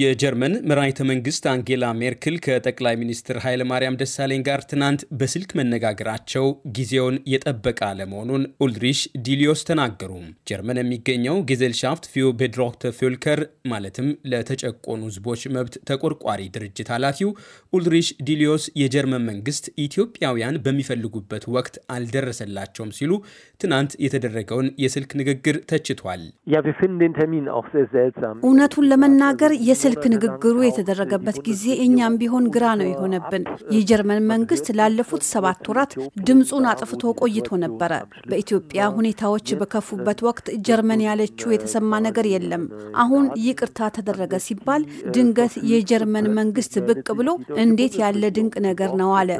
የጀርመን መራሒተ መንግስት አንጌላ ሜርክል ከጠቅላይ ሚኒስትር ኃይለማርያም ደሳለኝ ጋር ትናንት በስልክ መነጋገራቸው ጊዜውን የጠበቀ አለመሆኑን ኡልሪሽ ዲሊዮስ ተናገሩ። ጀርመን የሚገኘው ጌዜልሻፍት ፊዮ ቤድሮክተ ፊልከር ማለትም ለተጨቆኑ ህዝቦች መብት ተቆርቋሪ ድርጅት ኃላፊው ኡልሪሽ ዲሊዮስ የጀርመን መንግስት ኢትዮጵያውያን በሚፈልጉበት ወቅት አልደረሰላቸውም ሲሉ ትናንት የተደረገውን የስልክ ንግግር ተችቷል። እውነቱን ለመናገር የስልክ ንግግሩ የተደረገበት ጊዜ እኛም ቢሆን ግራ ነው የሆነብን። የጀርመን መንግስት ላለፉት ሰባት ወራት ድምፁን አጥፍቶ ቆይቶ ነበረ። በኢትዮጵያ ሁኔታዎች በከፉበት ወቅት ጀርመን ያለችው የተሰማ ነገር የለም። አሁን ይቅርታ ተደረገ ሲባል ድንገት የጀርመን መንግስት ብቅ ብሎ እንዴት ያለ ድንቅ ነገር ነው አለ።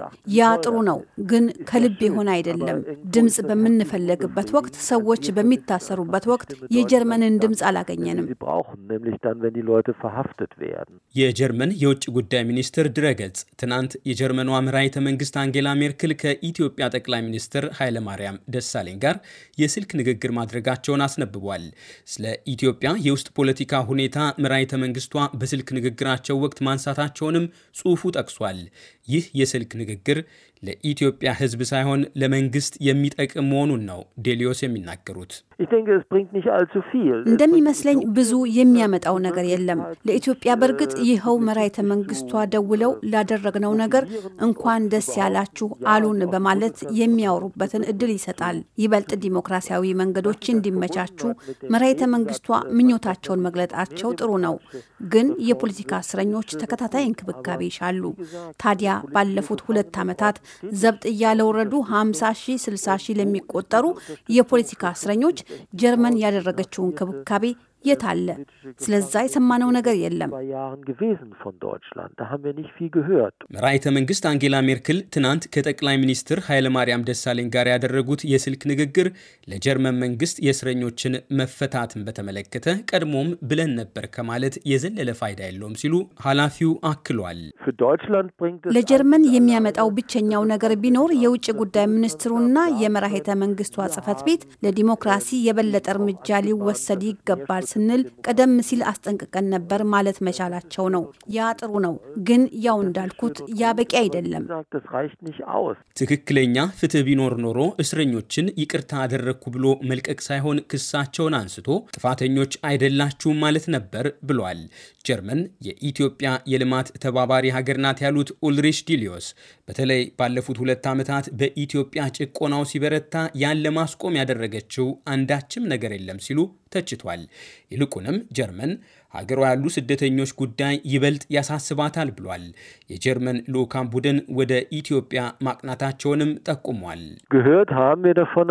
ያ ጥሩ ነው፣ ግን ከልብ የሆነ አይደለም። ድምፅ በምንፈለግበት ወቅት፣ ሰዎች በሚታሰሩበት ወቅት የጀርመንን ድምፅ አላገኘንም። verhaftet werden. የጀርመን የውጭ ጉዳይ ሚኒስትር ድረገጽ ትናንት የጀርመኗ መራሒተ መንግስት አንጌላ ሜርክል ከኢትዮጵያ ጠቅላይ ሚኒስትር ኃይለማርያም ደሳለኝ ጋር የስልክ ንግግር ማድረጋቸውን አስነብቧል። ስለ ኢትዮጵያ የውስጥ ፖለቲካ ሁኔታ መራሒተ መንግስቷ በስልክ ንግግራቸው ወቅት ማንሳታቸውንም ጽሑፉ ጠቅሷል። ይህ የስልክ ንግግር ለኢትዮጵያ ሕዝብ ሳይሆን ለመንግስት የሚጠቅም መሆኑን ነው ዴሊዮስ የሚናገሩት። እንደሚመስለኝ ብዙ የሚያመጣው ነገር የለም ለኢትዮጵያ። በእርግጥ ይኸው መራይተ መንግስቷ ደውለው ላደረግነው ነገር እንኳን ደስ ያላችሁ አሉን በማለት የሚያወሩበትን እድል ይሰጣል። ይበልጥ ዲሞክራሲያዊ መንገዶች እንዲመቻቹ መራይተ መንግስቷ ምኞታቸውን መግለጣቸው ጥሩ ነው። ግን የፖለቲካ እስረኞች ተከታታይ እንክብካቤ ይሻሉ። ታዲያ ባለፉት ሁለት ዓመታት ዘብጥያ ለወረዱ 50 ሺህ 60 ሺህ ለሚቆጠሩ የፖለቲካ እስረኞች ጀርመን ያደረገችውን ክብካቤ የት አለ? ስለዛ የሰማነው ነገር የለም። መንግስት አንጌላ ሜርክል ትናንት ከጠቅላይ ሚኒስትር ኃይለማርያም ደሳለኝ ጋር ያደረጉት የስልክ ንግግር ለጀርመን መንግስት የእስረኞችን መፈታትን በተመለከተ ቀድሞም ብለን ነበር ከማለት የዘለለ ፋይዳ የለውም ሲሉ ኃላፊው አክሏል። ለጀርመን የሚያመጣው ብቸኛው ነገር ቢኖር የውጭ ጉዳይ ሚኒስትሩና የመራሄተ መንግስቷ ጽህፈት ቤት ለዲሞክራሲ የበለጠ እርምጃ ሊወሰድ ይገባል ስንል ቀደም ሲል አስጠንቅቀን ነበር ማለት መቻላቸው ነው። ያ ጥሩ ነው፣ ግን ያው እንዳልኩት ያ በቂ አይደለም። ትክክለኛ ፍትህ ቢኖር ኖሮ እስረኞችን ይቅርታ አደረግኩ ብሎ መልቀቅ ሳይሆን ክሳቸውን አንስቶ ጥፋተኞች አይደላችሁም ማለት ነበር ብሏል። ጀርመን የኢትዮጵያ የልማት ተባባሪ ሀገር ናት ያሉት ኡልሪሽ ዲሊዮስ በተለይ ባለፉት ሁለት ዓመታት በኢትዮጵያ ጭቆናው ሲበረታ ያን ለማስቆም ያደረገችው አንዳችም ነገር የለም ሲሉ ተችቷል። ይልቁንም ጀርመን ሀገሯ ያሉ ስደተኞች ጉዳይ ይበልጥ ያሳስባታል ብሏል። የጀርመን ልዑካን ቡድን ወደ ኢትዮጵያ ማቅናታቸውንም ጠቁሟል። ግህት ሀም የደፈነ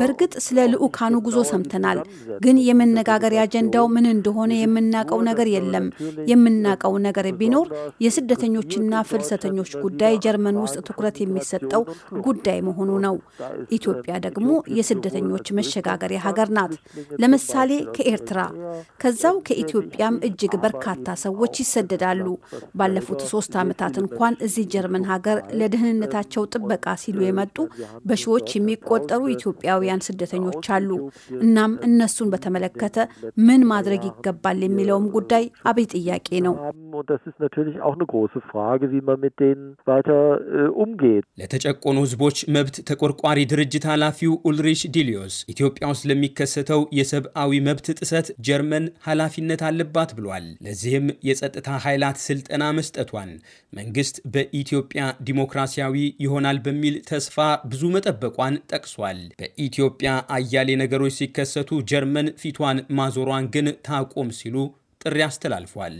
በእርግጥ ስለ ልኡካኑ ጉዞ ሰምተናል፣ ግን የመነጋገር አጀንዳው ምን እንደሆነ የምናውቀው ነገር የለም። የምናውቀው ነገር ቢኖር የስደተኞችና ፍልሰተኞች ጉዳይ ጀርመን ውስጥ ትኩረት የሚሰጠው ጉዳይ መሆኑ ነው። äh, ኢትዮጵያ ደግሞ የስደተኞች መሸጋገሪያ ሀገር ናት። ለምሳሌ ከኤርትራ ከዛው ከኢትዮጵያም እጅግ በርካታ ሰዎች ይሰደዳሉ። ባለፉት ሶስት ዓመታት እንኳን እዚህ ጀርመን ሀገር ለደህንነታቸው ጥበቃ ሲሉ የመጡ በሺዎች የሚቆጠሩ ኢትዮጵያውያን ስደተኞች አሉ። እናም እነሱን በተመለከተ ምን ማድረግ ይገባል የሚለውም ጉዳይ አብይ ጥያቄ ነው። ለተጨቆኑ ህዝቦች መብት ተቆርቋሪ ድርጅት ኃላፊው ኡልሪሽ ዲሊዮስ ኢትዮጵያ ውስጥ ለሚከሰተው የሰብአዊ መብት ጥሰት ጀርመን ኃላፊነት አለባት ብሏል። ለዚህም የጸጥታ ኃይላት ስልጠና መስጠቷን መንግስት በኢትዮጵያ ዲሞክራሲያዊ ይሆናል በሚል ተስፋ ብዙ መጠበቋን ጠቅሷል። በኢትዮጵያ አያሌ ነገሮች ሲከሰቱ ጀርመን ፊቷን ማዞሯን ግን ታቆም ሲሉ ጥሪ አስተላልፏል።